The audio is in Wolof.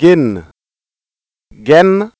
génn genn